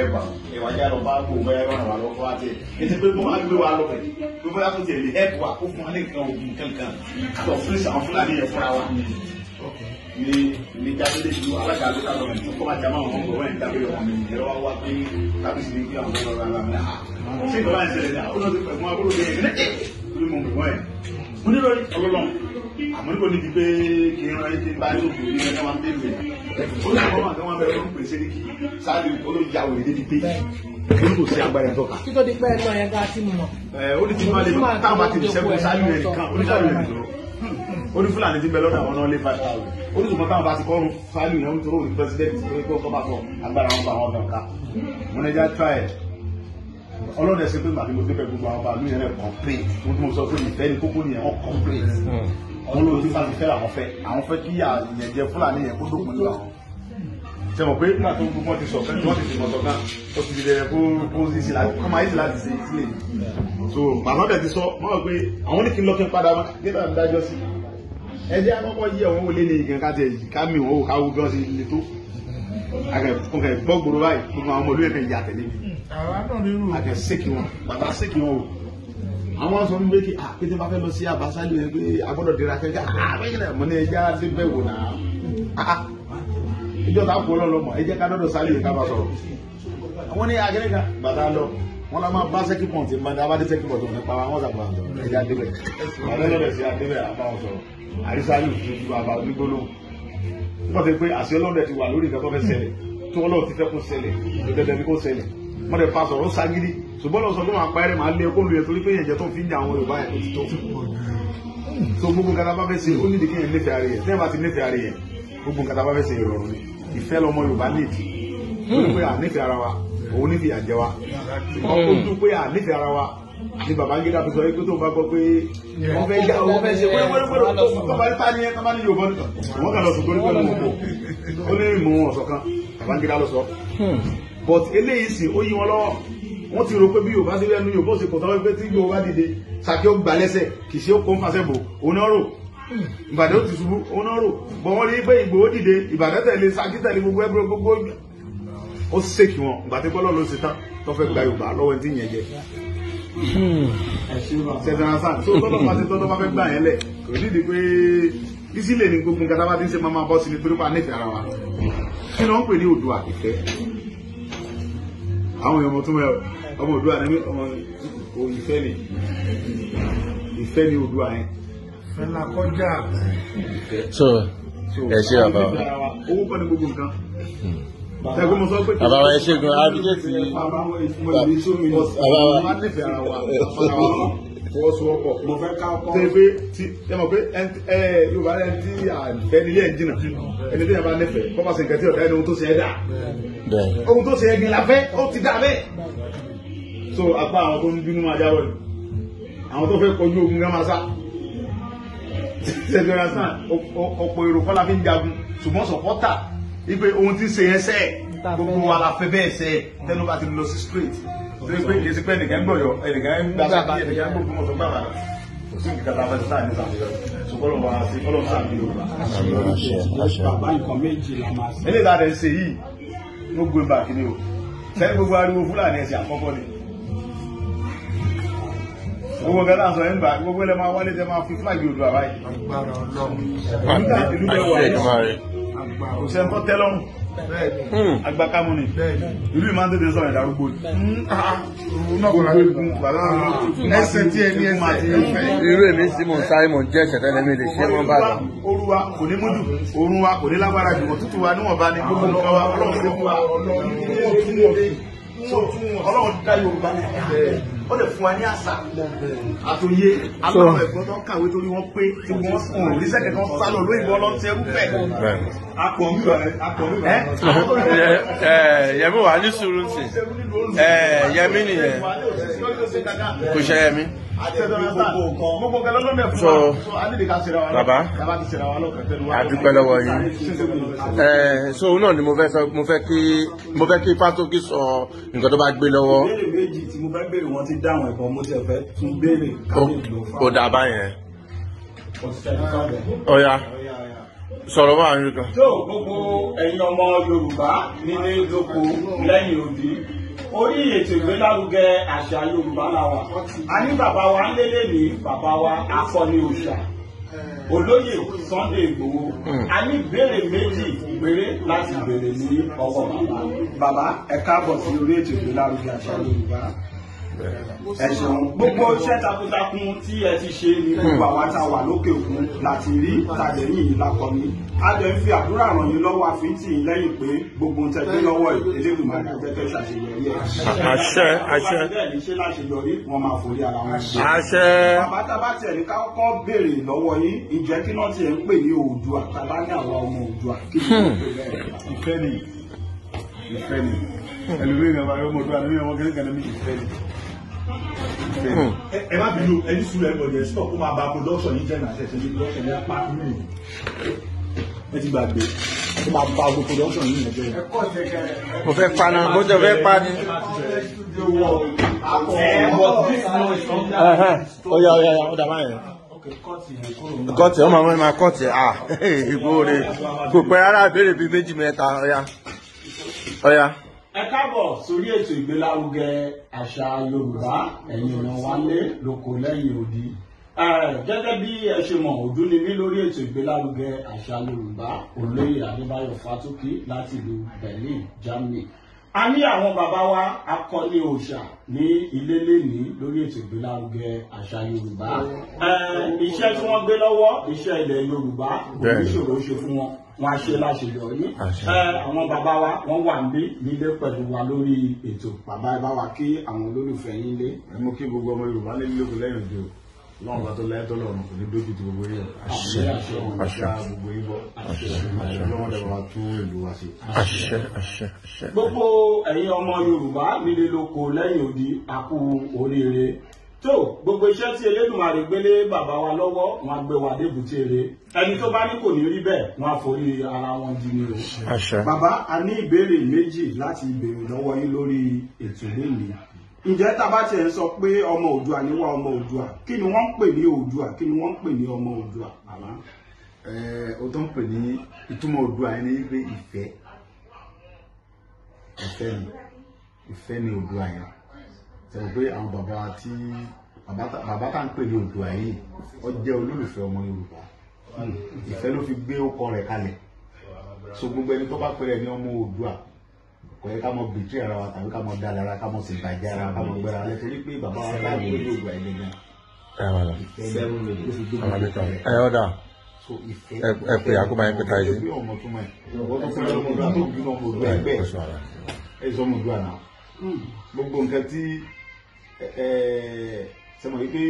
ẹwà ẹwà jẹ́ àlọ́ bá kó bẹ́ẹ̀ rọrùn wà lọ́wọ́ àti ètò pé mo máa gbé wa lọ́wọ́ yìí pé bóyá kò tẹ̀lé ẹ̀kọ́ wa kó fún wa nìkan ògùn kankan àtọ̀ fún ìṣàwọn fúlàní yẹn fúnra wa ni ni jáde ju alága ló ká lọ́wọ́ ìtúkọ́ máa jàmá àwọn ọmọ ẹ̀ dábẹ́ wọn ni ẹ̀rọ wa wá pé tábìsì ní kí àwọn ọmọ ọ̀la mi ha ṣé ìjọba ń ṣẹlẹ̀ ó lọ́ọ́ ti pẹ̀ fún abúlé yẹn ní ẹ̀ ó ní àwọn àwọn àwọn abẹ́rẹ́ olùpè ṣe ní kí sáré olóyàwó èdè ti pé èyí kò sí agbára ẹ̀ tọ́ka. títọ́ di pẹ́ ẹ̀ náà yẹn ká sí mu mọ̀. ẹ ó ní tí máa lè táwọn bá ti lè ṣẹ́gun sáré rẹ̀ nìkan oníṣàlù rẹ̀ nìkan ó ní fúlàní ti bẹ lọ́dọ̀ àwọn náà lé five thousand ó ní ṣùgbọ́n táwọn bá ti kọ́rùn sáré rẹ̀ ń tó ní president tó kọ́ bá sọ agbára wọn bá wọn bẹ̀ ká wọn ẹja try ọlọ́dẹ ṣe pé màdìmọ́ débẹ̀ gbogbo àwọn bàálù yẹn rẹ̀ complain mo tún sọ pé ìfẹ́ ni kókó nìyẹn wọ́n complain òun ló ti sáré fẹ́ làwọn fẹ́ àwọn fẹ́ kí àyẹ̀jẹ fúlàní yẹn kó dópin lọ àwọn ṣe mọ̀ pé nígbà tó gbogbo wọn ti sọ fẹ́ wọn ti fi mọ̀tọ́ náà ó ti di dẹrẹ kó kó sí sí láti kọ́ máa yé sí láti sí sílẹ̀ so màmá bẹ̀ ti sọ wọ́n mọ̀ pé àwọn ní kí n lọ́kẹ́ padà wá nígbà tó dájọ́ sí ẹ jẹ́ akọ́kọ́ yẹ wọ́n wọlé ní ìgàn káti ẹ̀yìn ká mi wọ́n wò ká wo bí wọ́n ti le tó akẹ́kọ̀ọ́ gbòòrò báyìí gbogbo àwọn ọmọ olóyè kan àwọn sọ wípé kí pété ah, máa fẹ́ lọ sí abasálẹ̀ yẹn pé agbọ́dọ̀ dira fẹ́ ká àbẹ́yẹrẹ mọ ní ẹja débẹ̀ wò náà ah, ah, ìjọ tá a kú ọlọ́lọ́ mọ̀ ẹ jẹ́ ká dọ́dọ̀ sálẹ̀ yẹn ká bá sọ̀rọ̀ àwọn ní agẹ́rẹ́ kan bàtà lọ wọn la máa bá sẹ́kì pọ̀ tí máa dábàá dé sẹ́kì pọ̀ tó ní pa àwọn sàpà àjọ ẹja débẹ̀ àbẹ́yẹrẹ sí adébẹ̀ àbáwọn sọ̀rọ̀ àrísàlù tuntun bàbá onígbóló wọ́n ti pé àṣẹ ọlọ́dẹ ti wà lórí ìgbà tó fẹ́ ṣẹlẹ̀ tó ọlọ́ọ̀ ti fẹ́ kó ṣẹlẹ̀ tó dẹ́dẹ́ bí kó ṣẹlẹ̀ wọ́n ti pa sọ̀rọ̀ ságídí ṣùgbọ́n lọ sọ pé màá parẹ́ màá lé ẹkọ́ lu yẹn torí pé yẹn jẹ́ tó fi ń jà àwọn Yorùbá yẹn tó ti tó so gbogbo nǹkan a bá fẹ́ ṣe ó nídìí kí yẹn nífẹ̀ẹ́ ara yẹn tẹ́yìn bá ti nífẹ̀ẹ́ ara yẹn gbogbo nǹkan tá a bá fẹ́ ṣe ìrọ̀rùn ni ìfẹ́ lọmọ Yorùbá nídìí torí pé à nífẹ̀ẹ́ ara wa òun nífẹ̀ẹ́ àjẹ wa ọkùnrin tó pé à nífẹ̀ẹ́ ara wa ni Babangida fi sọ pé tó bá gbọ́ pé wọ́n fẹ́ yá wọ́n fẹ́ ṣe wẹ́rẹ́wẹ́rẹ́ tó bá ta ni ẹ tó bá ní Yorùbá nìkan wọ́n kà lọ sùn torí pé mo kò ó ní ìmọ̀ ọ̀sọ̀ kan Babangida lọ sọ hmm. but eléyìí sì ó yí wọn lọ́wọ́ wọ́n ti rò pé bí yorùbá sí lẹ́nu yorùbá òsè kò tọ́wọ́ pé tí yorùbá dìde sàkí ó gbà lẹ́sẹ̀ kì í ṣe ó kó ń fasẹ̀ bò òun náà rò ìbàdàn ó ti ṣubú òun náà rò bọ́ wọ́n rí pé ìgbòho dìde ìbàdàn tẹ̀lé sàkí tẹ̀lé gbogbo ẹgbẹ́ gbogbo ó ṣe kí wọn ìgbà tí bọ́lọ̀ ló ṣe tán tó fẹ́ gba yorùbá lọ́wọ́ tí yẹn jẹ ìsílẹ̀ ni gbogbo àwọn èèyàn mọ̀ tún mẹ́rin ọmọ Oòduà ni ọmọ ìfẹ́ ni ìfẹ́ ni Oòduà yẹn. fẹlẹ akọjá. so ẹ ṣe bàbá wa. owó kọ́ ni gbogbo nǹkan. Tẹ̀gbọ́n mo sọ pé kí ọ̀rọ̀ ẹ ṣe gan abijé ti bàbá wa. Fọwọ́sowọ́pọ̀. Mo fẹ́ ká kọ́. Ṣé pé tí ẹ mọ̀ pé ẹ Yorùbá ẹ ti àfẹ́ nílé ẹ̀ ń jìnnà ẹni tí yàrá nífẹ̀ẹ́ kọ́ bá ṣe nǹkan tí ọ̀dà ẹni ohun tó ṣe ẹ dà. Ohun tó ṣe ẹ gbin la fẹ́ ó ti dà bẹ́ẹ̀ so apá àwọn tó ń bínú máa jáwọ́ ni àwọn tó fẹ́ kọjú ogun gan máa sá ṣẹjọra sàn ọ̀pọ̀ èrò kọ́lá fi ń jagun ṣùgbọ́n sọ̀pọ́tà wípé ohun tí ń ṣe yẹn sẹ́ẹ̀ gbogbo wa la fẹ́ bẹ́ẹ̀ sẹ́ẹ̀ tẹ́nu bá ti lọ sí straight torí pé kì í ṣe pé ẹnìkan ń gbọ̀yọ̀ ẹnìkan ń gbà sábà ẹnìkan ń gbọ̀gbọ̀n gbàgbà kò sí nǹkan tá a fẹ́ sáà ní sàmìlẹ̀ ṣùgbọ́n wa sí ọlọ́run sáà ní yorùbá. bàbá nǹkan ṣe yìí ló gbé bàkínní o sẹ́yìn gbogbo ariwo fúlàní ẹ̀sìn àkọ́kọ́ ni gbogbo gẹ́gẹ́ àṣọ ẹ̀ ń gbà gbogbo ẹ̀ máa wálé tẹ máa fi flag Oòduà báyìí. agbára Ọlọ́run ìlú bẹ́ẹ̀ wọlé kò sẹ́ni tó tẹ́ lọ́rùn hmm. ni ìlú yìí máa ń tètè sọ̀rọ̀ ìdarúgbó ni. Ah, ah. ẹsẹ̀ tí ẹ ní ẹsẹ̀. irú èmi simon simon jẹ́ ẹsẹ̀ tẹ́lẹ̀ lè ṣe wọ́n bá lọ. òru wa kò ní mújù òru wa kò ní lágbára jù òtútù wa níwọ̀nba ni gbogbo nǹkan wa ọlọ́run ló fún wa ọlọ́run ló fún wa ọlọ́run dá yorùbá ní ẹ̀ẹ́dẹ́gbẹ̀rẹ́ ó lè fún wa ní àṣà àtòyé àwọn ẹ̀gbọ́n tó ń kàwé torí wọ́n pé tí wọ́n sùn òrìṣẹ́ kẹ̀kọ́ sá lọ lóyìnbó lọ ti ẹrú bẹ̀. akọ mi wà akọ mi wà. yẹmi wà ní sùúrù ntì yẹmi nìyẹn kò ṣe yẹmi so baba adúpẹ́ lọ́wọ́ yín ẹ so náà ni mo fẹ́ sọ mo fẹ́ kí mo fẹ́ kí pátókì sọ nǹkan tó bá gbé lọ́wọ́. ìbéèrè méjì tí mo fẹ́ béèrè sọ̀rọ̀ bá àwọn yìí kan. tó gbogbo ẹ̀yin ọmọ Yorùbá nílé lóko lẹ́yìn òdì orí ètò ìgbélárugẹ àṣà yorùbá la wà a ní bàbá wa ń lélẹ̀ ní bàbá wa akọni òòṣà olóyè Sunday Igboho hmm. a ní ìbéèrè méjì péré láti béèrè ní ọwọ́ bàbá bàbá ẹ káàbọ̀ sí orí ètò ìgbélárugẹ àṣà yorùbá ẹ ṣeun gbogbo iṣẹ́ takuntakun tí ẹ ti ṣe ni gbogbo hmm. àwa tá a wà lókè òkun láti rí tàdéyìn lakọni a jẹ fi àdúrà ràn yín lọ́wọ́ àfi tì í pé gbogbo tẹ gbé lọ́wọ́ eléyìí máa jẹ ṣàṣeyọrí ẹ. àṣẹ àṣẹ bẹ́ẹ̀ni ṣé láṣeyọrí wọn máa forí ara wọn ṣe. àṣẹ. bàbá tiẹ̀ ní ká béèrè lọ́wọ́ yín ìjẹ́ kí náà tiẹ̀ ń pè ní Oòduà tàbá ní àwa ọmọ Oòduà kí ni ìfẹ́ ni ìfẹ́ ni ẹlòmíràn Hmm. ẹ má ba production yìí jẹ́ náà ṣẹ̀ṣẹ̀ ní production yẹn pa mí ẹ ti mo fẹ́ pa náà ẹ káàbọ̀ sórí ètò ìgbélárugẹ àṣà yorùbá ẹ̀yin ọ̀nà wálé lóko lẹ́yìn odi gẹ́gẹ́ bí ẹ ṣe mọ̀ ọdún ni mí lórí ètò ìgbélárugẹ àṣà yorùbá olóyè adébáyọ̀ fátókì láti ìlú berlin germany a ní àwọn bàbá wa akọni òòṣà ní ilé lẹ́ni lórí ètò ìgbélárugẹ àṣà yorùbá iṣẹ́ tí wọ́n gbé lọ́wọ́ iṣẹ́ ilẹ̀ yorùbá oníṣòro ṣe fún wọn wọn á ṣe láṣeyọrí àwọn bàbá wa wọ́n wà níbí nílé pẹ̀lú wa lórí ètò bàbá ẹ bá wa kí àwọn olólùfẹ́ yín lé. ẹ mú kí gbogbo ọmọ yorùbá lé lóko lẹ́yìn òde o lọ́wọ́n bá tó láyé tọ́lọ̀ ọ̀nà kò ní dójú ti gbogbo yẹn àṣẹ àṣẹ gbogbo yìí bọ́ àṣẹ lọ́wọ́n dẹ̀ wá tún ìlú wa sí. àṣẹ àṣẹ àṣẹ. gbogbo ẹ̀yin ọmọ Yorùbá nílé lóko lẹ́yìn odi àkú oríire tó gbogbo iṣẹ́ tí Elédùmarè gbélé bàbá wa lọ́wọ́ wọn gbé wa débùté re ẹni tó bá ní kò ní rí bẹ́ẹ̀ wọn á forí ara wọn di ni o. bàbá a ní ìbéèrè méjì láti ìbéèrè lọ́wọ́ yín lórí ètò lẹ́yìn ǹjẹ́ tá a bá tiẹ̀ ń sọ pé ọmọ Oòduà ni wá ọmọ Oòduà kí ni wọ́n ń pè ní Oòduà kí ni wọ́n ń pè ní ọmọ Oòduà bàbá. ẹ o tó ń pè ní ìtumọ̀ Oòduà yẹn ni pé ìfẹ́ ìfẹ́ ni ìfẹ́ ni Oòduà yẹn sọ pé àwọn bàbá tí bàbá tá à ń pè ní Oòduà yìí ó jẹ́ olólùfẹ́ ọmọ Yorùbá ìfẹ́ ló fi gbé ọkọ rẹ̀ kalẹ̀ so gbogbo ẹni tó bá pẹ̀lẹ́ ní ọmọ Oòduà kò yẹ ká mọ bìtì ara wa tàbí ká mọ dá ara ká mọ sì bàjẹ́ ara ká mọ gbẹ́ra lẹ́tọ́ ní pé bàbá wa láì pé yóò gbà ẹ̀dẹ̀ gan. ẹ ọ̀dà ẹ pé àkóbá yẹn pété ayé. ẹ sọ mo dùn àná gbogbo nǹkan tí sẹ́mo yìí pé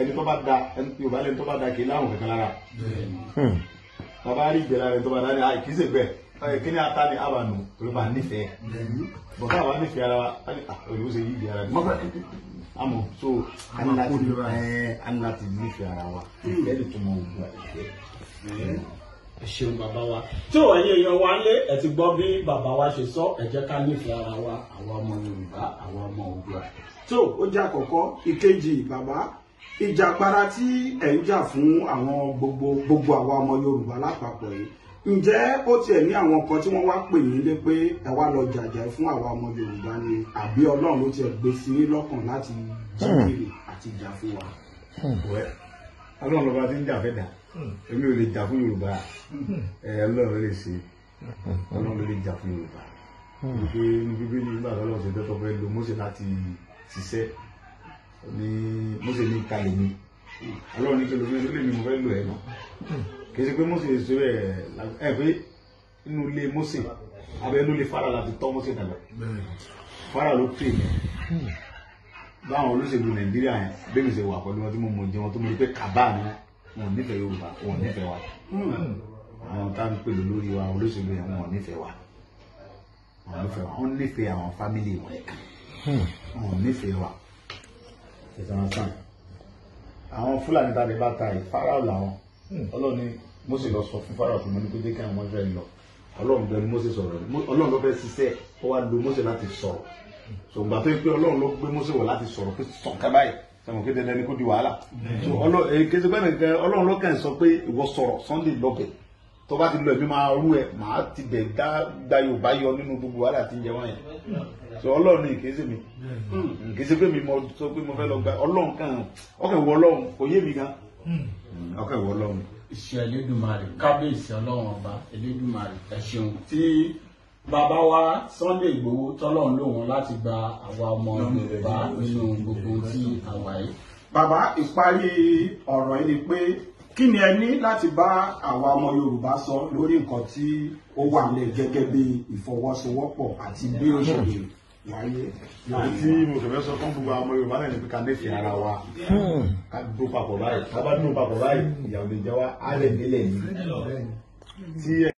ẹni tó bá da Yorùbá lẹ́ni tó bá da kì í láwọn kankan lára hmm. bàbá rí ìgbẹ́ lára ẹni tó bá da ni àìkí sè bẹ́ẹ̀ kíni ata ni aba nu olu b'a nífẹ̀ẹ́ bɔn k'a b'a nífẹ̀ẹ́ ara hali olu se yiri ara de amọ so an na ti nífẹ̀ẹ́ ara wa ẹ de tuma o bu ẹ ṣeun bàbá wa tí ò ẹ̀yin èèyàn wa lé ẹ ti gbọ́ bí bàbá wa ṣe sọ ẹ jẹ́ ká nífẹ̀ẹ́ ara wa àwa ọmọ Yorùbá àwa ọmọ Oòduà tó ó jẹ́ àkọ́kọ́ ìkejì bàbá ìjàgbara tí ẹ ń jà fún àwọn gbogbo gbogbo àwa ọmọ Yorùbá lápapọ̀ yìí ǹjẹ́ ó tiẹ̀ ní àwọn kan tí wọ́n wá pè yín lé pé ẹ wá lọ jàjà fún àwa ọmọ Yorùbá ni àbí Ọlọ́run ló tiẹ̀ gbé sí lọ́kàn láti jíkiri hmm. àti jà fún wa. Hmm. Ọlọ́run lọ́ba ti ń jà fẹ́ dà hmm. èmi ò lè jà fún Yorùbá ẹ Ọlọ́run lè ṣe Ọlọ́run lè jà fún Yorùbá wípé ní Bíbélì nígbà tó lọ́sẹ̀ tó tọ́ fẹ́ lo Mósè láti ṣiṣẹ́ ní Mósè ní ìkàlẹ̀ mi Ọlọ́run ní kí ló fẹ́ lé mi mo fẹ́ lò ẹ̀ náà kì í ṣe pé Mósè ṣe bẹ́ẹ̀ ẹ pé inú ilé Mósè abẹ́ inú ilé Fáráò láti tọ́ Mósè dàgbà Fáráò ló pè mí báwọn olóṣèlú Nàìjíríà yẹn bẹ́ẹ̀ mi ṣe wà pẹ̀lú wọn tí mo mọ̀ jẹun tó mo rí pé kàbá mi wọn ò nífẹ̀ẹ́ Yorùbá wọn ò wa àwọn tá à ń pè lórí wa olóṣèlú yẹn wọn ò nífẹ̀ẹ́ wa wọn ò nífẹ̀ẹ́ wa wọn nífẹ̀ẹ́ àwọn fámìlì wọn kan wọn ò nífẹ̀ẹ́ wa ṣètò àwọn sàn àwọn Fúlàní tàbí bàtà yìí Fáráò làwọn ọlọ́ọ̀ni Mósè lọ sọ fún Fáráò fún mi ní pé jẹ́ kí àwọn Israẹli lọ ọlọ́run bẹ ni Mósè sọ̀rọ̀ ọlọ́run ló fẹ́ ṣiṣẹ́ ó wá lo Mósè láti sọ̀rọ̀ so ìgbà tó yẹ pé ọlọ́run ló gbé Mósè wọ̀ láti sọ̀rọ̀ pé sọ̀kà báyìí sẹ́wọ̀n kí dandan ni kó di wàhálà so eh, ọlọ́run ló kàn sọ pé ìwọ sọ̀rọ̀ Sunday lọ́bẹ̀ tó bá ti lọ ẹ̀mí máa rú ẹ màá ti bẹ̀ dá gba Yorùbá yọ nínú gbogbo wàhálà tí ń jẹ wọ́n yẹn so ọlọ́run ni ìkéṣe mi hmm, ìkéṣe pé mi mo sọ pé mo fẹ́ lọ gba ọlọ́run kàn ọkàn ìwọ ọlọ́run kò yé mi gan hmm, ọkàn ìwọ ọlọ́run iṣẹ́ Elédùmarè kábíyèsí ọlọ́run ọba Elédùmarè ẹ ṣeun tí bàbá wa Sunday Igboho tọ́lọ́run lòun láti gba àwa ọmọ Yorùbá nínú gbogbo tí àwa yìí. bàbá ìparí ọ̀rọ̀ yìí ni pé kí ni ẹ ní láti bá àwa ọmọ Yorùbá sọ lórí nǹkan tí ó wà nílẹ̀ gẹ́gẹ́ bí ìfọwọ́sowọ́pọ̀ àti bí ó ṣe lè láyé tí mo kẹ̀fẹ́ sọ fún gbogbo àwọn Yorùbá náà ní pé ká nífẹ̀ẹ́ ara wa hmm. ká dó papọ̀ báyìí ká bá dó papọ̀ báyìí ìyàwó lè jẹ́ wa á lè yìí.